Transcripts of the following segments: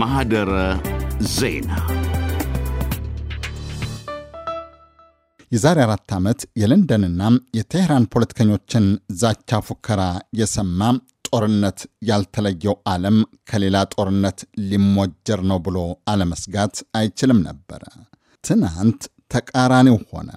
ማህደረ ዜና የዛሬ አራት ዓመት የለንደንና የቴህራን ፖለቲከኞችን ዛቻ፣ ፉከራ የሰማ ጦርነት ያልተለየው ዓለም ከሌላ ጦርነት ሊሞጀር ነው ብሎ አለመስጋት አይችልም ነበረ። ትናንት ተቃራኒው ሆነ።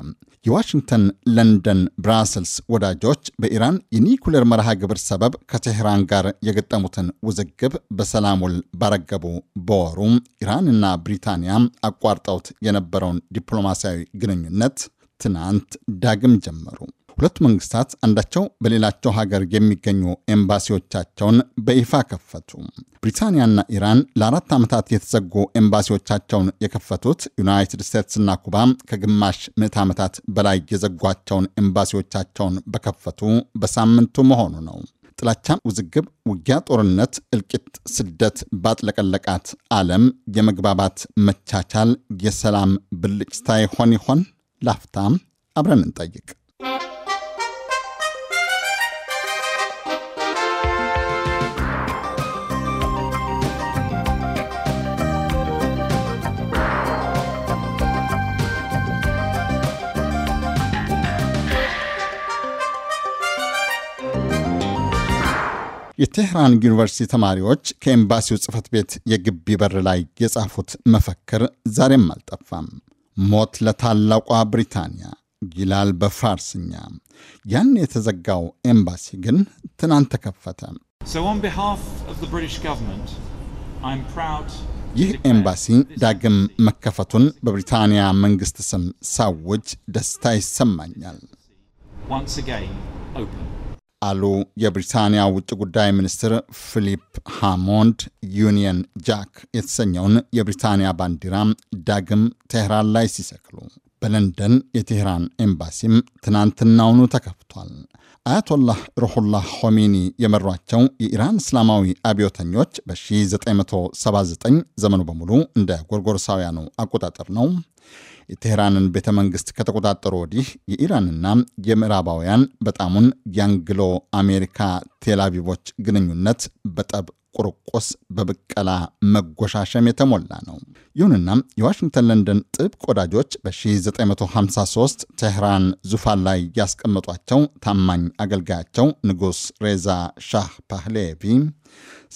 የዋሽንግተን፣ ለንደን፣ ብራስልስ ወዳጆች በኢራን የኒኩሌር መርሃ ግብር ሰበብ ከቴህራን ጋር የገጠሙትን ውዝግብ በሰላም ውል ባረገቡ በወሩ ኢራንና ብሪታንያ አቋርጠውት የነበረውን ዲፕሎማሲያዊ ግንኙነት ትናንት ዳግም ጀመሩ። ሁለቱ መንግስታት አንዳቸው በሌላቸው ሀገር የሚገኙ ኤምባሲዎቻቸውን በይፋ ከፈቱ። ብሪታንያና ኢራን ለአራት ዓመታት የተዘጉ ኤምባሲዎቻቸውን የከፈቱት ዩናይትድ ስቴትስና ኩባ ከግማሽ ምዕት ዓመታት በላይ የዘጓቸውን ኤምባሲዎቻቸውን በከፈቱ በሳምንቱ መሆኑ ነው። ጥላቻ፣ ውዝግብ፣ ውጊያ፣ ጦርነት፣ እልቂት፣ ስደት ባጥለቀለቃት ዓለም የመግባባት መቻቻል፣ የሰላም ብልጭታ ይሆን ይሆን? ላፍታም አብረን እንጠይቅ። የቴህራን ዩኒቨርሲቲ ተማሪዎች ከኤምባሲው ጽህፈት ቤት የግቢ በር ላይ የጻፉት መፈክር ዛሬም አልጠፋም። ሞት ለታላቋ ብሪታንያ ይላል በፋርስኛ። ያን የተዘጋው ኤምባሲ ግን ትናንት ተከፈተ። ይህ ኤምባሲ ዳግም መከፈቱን በብሪታንያ መንግሥት ስም ሳውጅ ደስታ ይሰማኛል። አሉ የብሪታንያ ውጭ ጉዳይ ሚኒስትር ፊሊፕ ሃሞንድ። ዩኒየን ጃክ የተሰኘውን የብሪታንያ ባንዲራ ዳግም ቴህራን ላይ ሲሰክሉ በለንደን የቴህራን ኤምባሲም ትናንትናውኑ ተከፍቷል። አያቶላህ ሩሑላህ ሆሜኒ የመሯቸው የኢራን እስላማዊ አብዮተኞች በ1979 ዘመኑ በሙሉ እንደ ጎርጎርሳውያኑ አቆጣጠር ነው። የቴህራንን ቤተ ከተቆጣጠሩ ወዲህ የኢራንና የምዕራባውያን በጣሙን የአንግሎ አሜሪካ ቴላቪቦች ግንኙነት በጠብ ቁርቁስ በብቀላ መጎሻሸም የተሞላ ነው። ይሁንና የዋሽንግተን ለንደን ጥብቅ ወዳጆች በ1953 ቴህራን ዙፋን ላይ ያስቀመጧቸው ታማኝ አገልጋያቸው ንጉሥ ሬዛ ሻህ ፓህሌቪ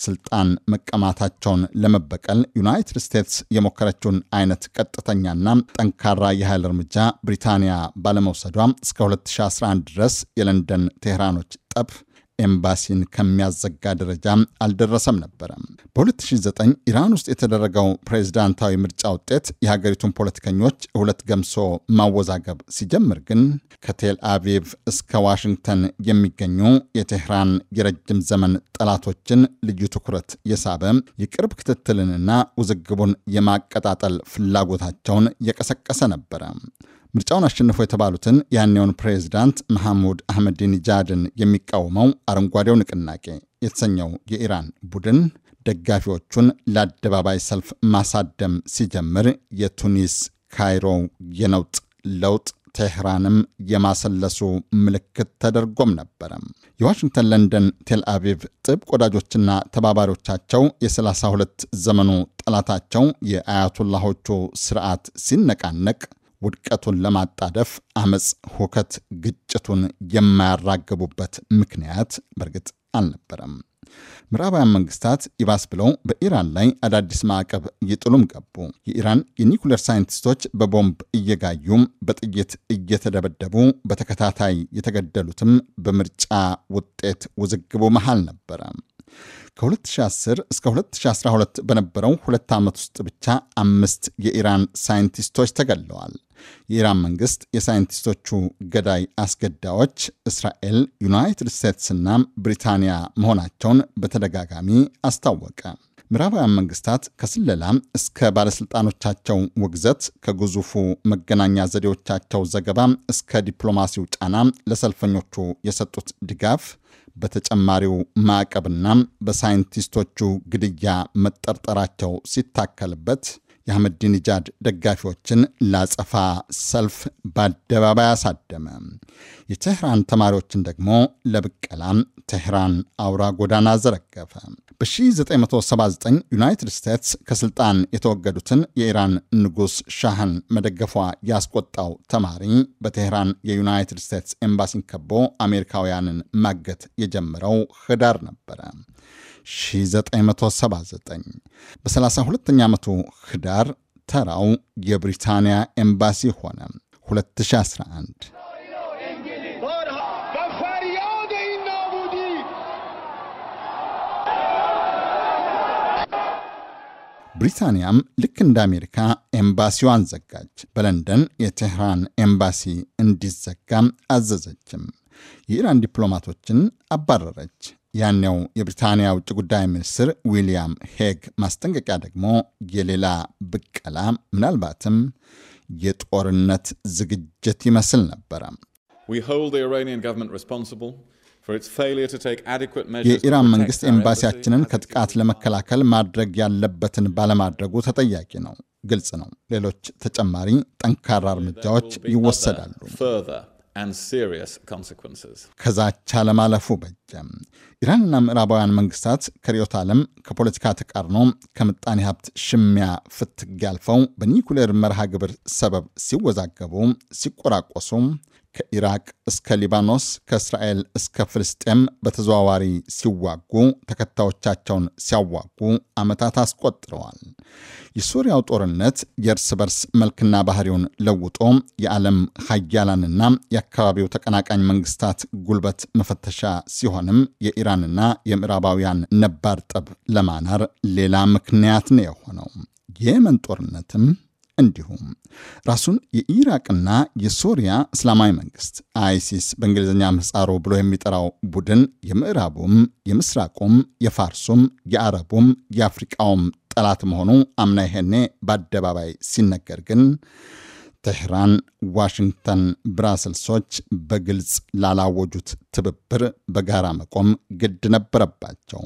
ስልጣን መቀማታቸውን ለመበቀል ዩናይትድ ስቴትስ የሞከረችውን አይነት ቀጥተኛና ጠንካራ የኃይል እርምጃ ብሪታንያ ባለመውሰዷ እስከ 2011 ድረስ የለንደን ቴህራኖች ጠብ ኤምባሲን ከሚያዘጋ ደረጃ አልደረሰም ነበረ። በ2009 ኢራን ውስጥ የተደረገው ፕሬዝዳንታዊ ምርጫ ውጤት የሀገሪቱን ፖለቲከኞች ሁለት ገምሶ ማወዛገብ ሲጀምር ግን ከቴል አቪቭ እስከ ዋሽንግተን የሚገኙ የቴህራን የረጅም ዘመን ጠላቶችን ልዩ ትኩረት የሳበ የቅርብ ክትትልንና ውዝግቡን የማቀጣጠል ፍላጎታቸውን የቀሰቀሰ ነበረ። ምርጫውን አሸንፎ የተባሉትን ያኔውን ፕሬዚዳንት መሐሙድ አህመዲንጃድን የሚቃወመው አረንጓዴው ንቅናቄ የተሰኘው የኢራን ቡድን ደጋፊዎቹን ለአደባባይ ሰልፍ ማሳደም ሲጀምር የቱኒስ ካይሮ የነውጥ ለውጥ ቴህራንም የማሰለሱ ምልክት ተደርጎም ነበረ። የዋሽንግተን፣ ለንደን፣ አቪቭ ጥብቅ ወዳጆችና ተባባሪዎቻቸው የ32 ዘመኑ ጠላታቸው የአያቱላሆቹ ስርዓት ሲነቃነቅ ውድቀቱን ለማጣደፍ አመፅ፣ ሁከት፣ ግጭቱን የማያራግቡበት ምክንያት በእርግጥ አልነበረም። ምዕራባውያን መንግስታት ይባስ ብለው በኢራን ላይ አዳዲስ ማዕቀብ ይጥሉም ገቡ። የኢራን የኒኩሌር ሳይንቲስቶች በቦምብ እየጋዩም በጥይት እየተደበደቡ በተከታታይ የተገደሉትም በምርጫ ውጤት ውዝግቡ መሃል ነበረ። ከ2010 እስከ 2012 በነበረው ሁለት ዓመት ውስጥ ብቻ አምስት የኢራን ሳይንቲስቶች ተገለዋል። የኢራን መንግስት የሳይንቲስቶቹ ገዳይ አስገዳዮች እስራኤል፣ ዩናይትድ ስቴትስና ብሪታንያ መሆናቸውን በተደጋጋሚ አስታወቀ። ምዕራባውያን መንግስታት ከስለላ እስከ ባለሥልጣኖቻቸው ውግዘት፣ ከግዙፉ መገናኛ ዘዴዎቻቸው ዘገባ እስከ ዲፕሎማሲው ጫና ለሰልፈኞቹ የሰጡት ድጋፍ በተጨማሪው ማዕቀብና በሳይንቲስቶቹ ግድያ መጠርጠራቸው ሲታከልበት የአህመዲነጃድ ደጋፊዎችን ላጸፋ ሰልፍ በአደባባይ አሳደመ። የቴህራን ተማሪዎችን ደግሞ ለብቀላም ቴህራን አውራ ጎዳና ዘረገፈ። በ1979 ዩናይትድ ስቴትስ ከስልጣን የተወገዱትን የኢራን ንጉሥ ሻህን መደገፏ ያስቆጣው ተማሪ በቴህራን የዩናይትድ ስቴትስ ኤምባሲን ከቦ አሜሪካውያንን ማገት የጀመረው ህዳር ነበረ 1979። በ32ኛ ዓመቱ ህዳር ተራው የብሪታንያ ኤምባሲ ሆነ 2011 ብሪታንያም ልክ እንደ አሜሪካ ኤምባሲዋን ዘጋች። በለንደን የቴህራን ኤምባሲ እንዲዘጋም አዘዘችም። የኢራን ዲፕሎማቶችን አባረረች። ያኔው የብሪታንያ ውጭ ጉዳይ ሚኒስትር ዊልያም ሄግ ማስጠንቀቂያ ደግሞ የሌላ ብቀላ ምናልባትም የጦርነት ዝግጅት ይመስል ነበረ። የኢራን መንግስት ኤምባሲያችንን ከጥቃት ለመከላከል ማድረግ ያለበትን ባለማድረጉ ተጠያቂ ነው። ግልጽ ነው። ሌሎች ተጨማሪ ጠንካራ እርምጃዎች ይወሰዳሉ። ከዛቻ ለማለፉ በጀም ኢራንና ምዕራባውያን መንግስታት ከርዕዮተ ዓለም፣ ከፖለቲካ ተቃርኖ፣ ከምጣኔ ሀብት ሽሚያ ፍትግ ያልፈው በኒኩሌር መርሃ ግብር ሰበብ ሲወዛገቡ፣ ሲቆራቆሱ ከኢራቅ እስከ ሊባኖስ ከእስራኤል እስከ ፍልስጤም በተዘዋዋሪ ሲዋጉ ተከታዮቻቸውን ሲያዋጉ ዓመታት አስቆጥረዋል። የሱሪያው ጦርነት የእርስ በርስ መልክና ባህሪውን ለውጦ የዓለም ሀያላንና የአካባቢው ተቀናቃኝ መንግስታት ጉልበት መፈተሻ ሲሆንም የኢራንና የምዕራባውያን ነባር ጠብ ለማናር ሌላ ምክንያት ነው የሆነው። የየመን ጦርነትም እንዲሁም ራሱን የኢራቅና የሶሪያ እስላማዊ መንግስት አይሲስ በእንግሊዝኛ ምህጻሩ ብሎ የሚጠራው ቡድን የምዕራቡም፣ የምስራቁም፣ የፋርሱም፣ የአረቡም፣ የአፍሪቃውም ጠላት መሆኑ አምና ይሄኔ በአደባባይ ሲነገር ግን ቴህራን፣ ዋሽንግተን፣ ብራስልሶች በግልጽ ላላወጁት ትብብር በጋራ መቆም ግድ ነበረባቸው።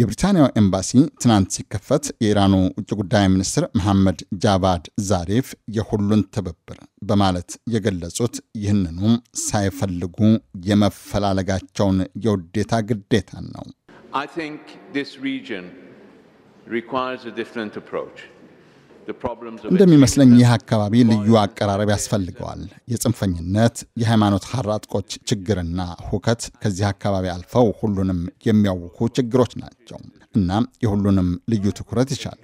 የብሪታንያው ኤምባሲ ትናንት ሲከፈት የኢራኑ ውጭ ጉዳይ ሚኒስትር መሐመድ ጃቫድ ዛሪፍ የሁሉን ትብብር በማለት የገለጹት ይህንኑ ሳይፈልጉ የመፈላለጋቸውን የውዴታ ግዴታን ነው። እንደሚመስለኝ ይህ አካባቢ ልዩ አቀራረብ ያስፈልገዋል። የጽንፈኝነት፣ የሃይማኖት ሐራጥቆች ችግርና ሁከት ከዚህ አካባቢ አልፈው ሁሉንም የሚያውኩ ችግሮች ናቸው እና የሁሉንም ልዩ ትኩረት ይሻሉ።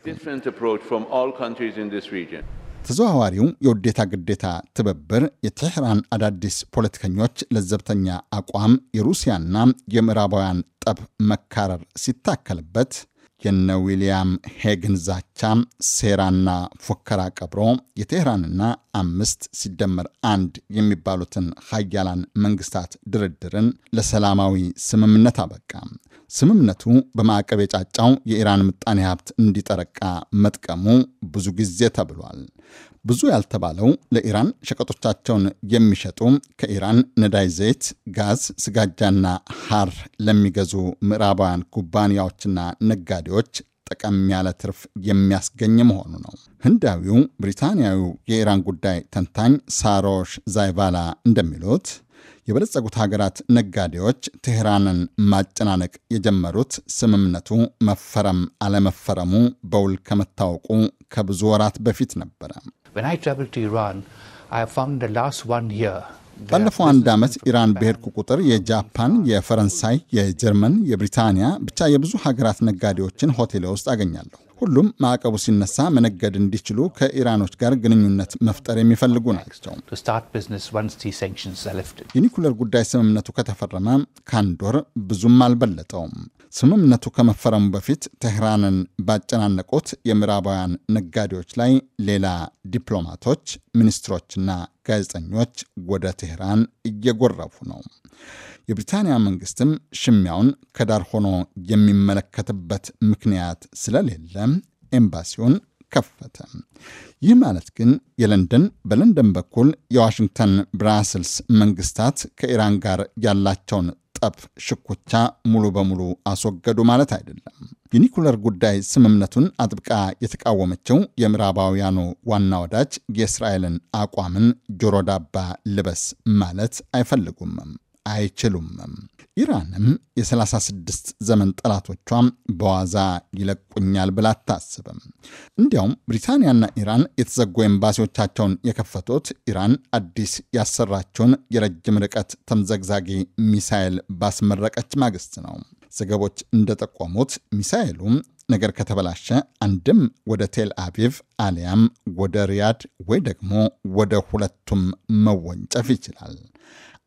ተዘዋዋሪው የውዴታ ግዴታ ትብብር፣ የቴሕራን አዳዲስ ፖለቲከኞች ለዘብተኛ አቋም፣ የሩሲያና የምዕራባውያን ጠብ መካረር ሲታከልበት የነ ዊልያም ሄግን ዛቻ፣ ሴራና ፉከራ ቀብሮ የቴህራንና አምስት ሲደመር አንድ የሚባሉትን ሀያላን መንግስታት ድርድርን ለሰላማዊ ስምምነት አበቃ። ስምምነቱ በማዕቀብ የጫጫው የኢራን ምጣኔ ሀብት እንዲጠረቃ መጥቀሙ ብዙ ጊዜ ተብሏል። ብዙ ያልተባለው ለኢራን ሸቀጦቻቸውን የሚሸጡ ከኢራን ነዳጅ ዘይት፣ ጋዝ፣ ስጋጃና ሐር ለሚገዙ ምዕራባውያን ኩባንያዎችና ነጋዴዎች ጠቀም ያለ ትርፍ የሚያስገኝ መሆኑ ነው። ህንዳዊው ብሪታንያዊው የኢራን ጉዳይ ተንታኝ ሳሮሽ ዛይቫላ እንደሚሉት የበለጸጉት ሀገራት ነጋዴዎች ቴህራንን ማጨናነቅ የጀመሩት ስምምነቱ መፈረም አለመፈረሙ በውል ከመታወቁ ከብዙ ወራት በፊት ነበረ። ባለፈው አንድ ዓመት ኢራን በሄድኩ ቁጥር የጃፓን፣ የፈረንሳይ፣ የጀርመን፣ የብሪታንያ ብቻ የብዙ ሀገራት ነጋዴዎችን ሆቴሌ ውስጥ አገኛለሁ። ሁሉም ማዕቀቡ ሲነሳ መነገድ እንዲችሉ ከኢራኖች ጋር ግንኙነት መፍጠር የሚፈልጉ ናቸው። የኒኩለር ጉዳይ ስምምነቱ ከተፈረመ ከአንድ ወር ብዙም አልበለጠውም። ስምምነቱ ከመፈረሙ በፊት ቴህራንን ባጨናነቁት የምዕራባውያን ነጋዴዎች ላይ ሌላ ዲፕሎማቶች፣ ሚኒስትሮችና ጋዜጠኞች ወደ ቴህራን እየጎረፉ ነው። የብሪታንያ መንግስትም ሽሚያውን ከዳር ሆኖ የሚመለከትበት ምክንያት ስለሌለ ኤምባሲውን ከፈተ። ይህ ማለት ግን የለንደን በለንደን በኩል የዋሽንግተን ብራስልስ መንግስታት ከኢራን ጋር ያላቸውን ጠብ ሽኩቻ ሙሉ በሙሉ አስወገዱ ማለት አይደለም። የኒኩለር ጉዳይ ስምምነቱን አጥብቃ የተቃወመችው የምዕራባውያኑ ዋና ወዳጅ የእስራኤልን አቋምን ጆሮ ዳባ ልበስ ማለት አይፈልጉምም። አይችሉም። ኢራንም የ36 ዘመን ጠላቶቿ በዋዛ ይለቁኛል ብላ አታስብም። እንዲያውም ብሪታንያና ኢራን የተዘጉ ኤምባሲዎቻቸውን የከፈቱት ኢራን አዲስ ያሰራቸውን የረጅም ርቀት ተምዘግዛጊ ሚሳይል ባስመረቀች ማግስት ነው። ዘገቦች እንደጠቆሙት ሚሳይሉ ነገር ከተበላሸ አንድም ወደ ቴል አቪቭ አሊያም ወደ ሪያድ ወይ ደግሞ ወደ ሁለቱም መወንጨፍ ይችላል።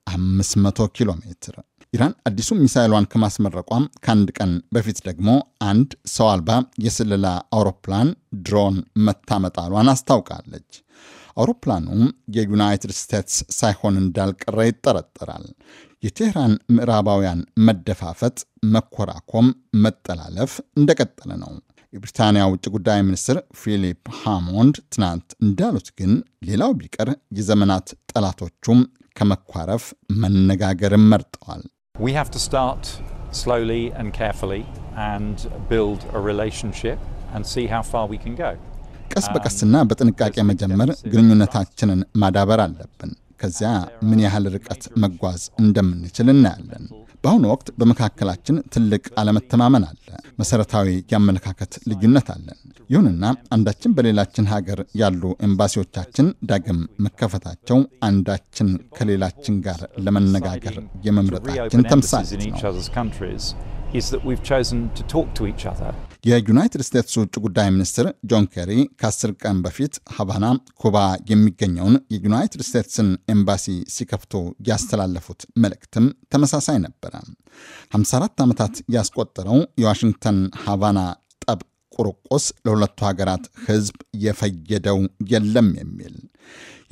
500 ኪሎ ሜትር። ኢራን አዲሱ ሚሳይሏን ከማስመረቋም ከአንድ ቀን በፊት ደግሞ አንድ ሰው አልባ የስለላ አውሮፕላን ድሮን መታመጣሏን አስታውቃለች። አውሮፕላኑም የዩናይትድ ስቴትስ ሳይሆን እንዳልቀረ ይጠረጠራል። የቴህራን ምዕራባውያን መደፋፈጥ፣ መኮራኮም፣ መጠላለፍ እንደቀጠለ ነው። የብሪታንያ ውጭ ጉዳይ ሚኒስትር ፊሊፕ ሃሞንድ ትናንት እንዳሉት ግን ሌላው ቢቀር የዘመናት ጠላቶቹም ከመኳረፍ መነጋገርን መርጠዋል። ቀስ በቀስና በጥንቃቄ መጀመር ግንኙነታችንን ማዳበር አለብን። ከዚያ ምን ያህል ርቀት መጓዝ እንደምንችል እናያለን። በአሁኑ ወቅት በመካከላችን ትልቅ አለመተማመን አለ። መሰረታዊ የአመለካከት ልዩነት አለን። ይሁንና አንዳችን በሌላችን ሀገር ያሉ ኤምባሲዎቻችን ዳግም መከፈታቸው አንዳችን ከሌላችን ጋር ለመነጋገር የመምረጣችን ተምሳሌት ነው። የዩናይትድ ስቴትስ ውጭ ጉዳይ ሚኒስትር ጆን ኬሪ ከአስር ቀን በፊት ሀቫና ኩባ የሚገኘውን የዩናይትድ ስቴትስን ኤምባሲ ሲከፍቱ ያስተላለፉት መልእክትም ተመሳሳይ ነበረ። 54 ዓመታት ያስቆጠረው የዋሽንግተን ሀቫና ጠብ ቁርቁስ ለሁለቱ ሀገራት ሕዝብ የፈየደው የለም የሚል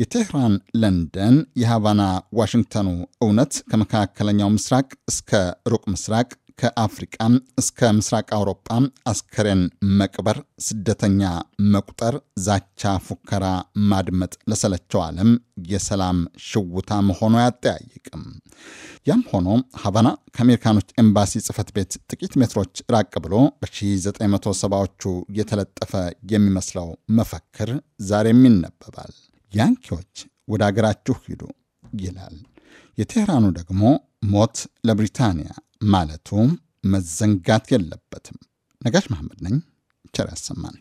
የቴህራን ለንደን፣ የሃቫና ዋሽንግተኑ እውነት ከመካከለኛው ምስራቅ እስከ ሩቅ ምስራቅ ከአፍሪቃ እስከ ምስራቅ አውሮጳ አስከሬን መቅበር፣ ስደተኛ መቁጠር፣ ዛቻ፣ ፉከራ ማድመጥ ለሰለቸው ዓለም የሰላም ሽውታ መሆኑ አያጠያይቅም። ያም ሆኖ ሀቫና ከአሜሪካኖች ኤምባሲ ጽህፈት ቤት ጥቂት ሜትሮች ራቅ ብሎ በ1970ዎቹ የተለጠፈ የሚመስለው መፈክር ዛሬም ይነበባል። ያንኪዎች ወደ አገራችሁ ሂዱ ይላል። የቴህራኑ ደግሞ ሞት ለብሪታንያ ማለቱ መዘንጋት የለበትም። ነጋሽ መሐመድ ነኝ። ቸር ያሰማን።